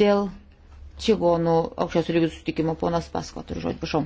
dėl čigonų aukščiausių lygių susitikimo. Ponas Pasko turi žodį, prašau.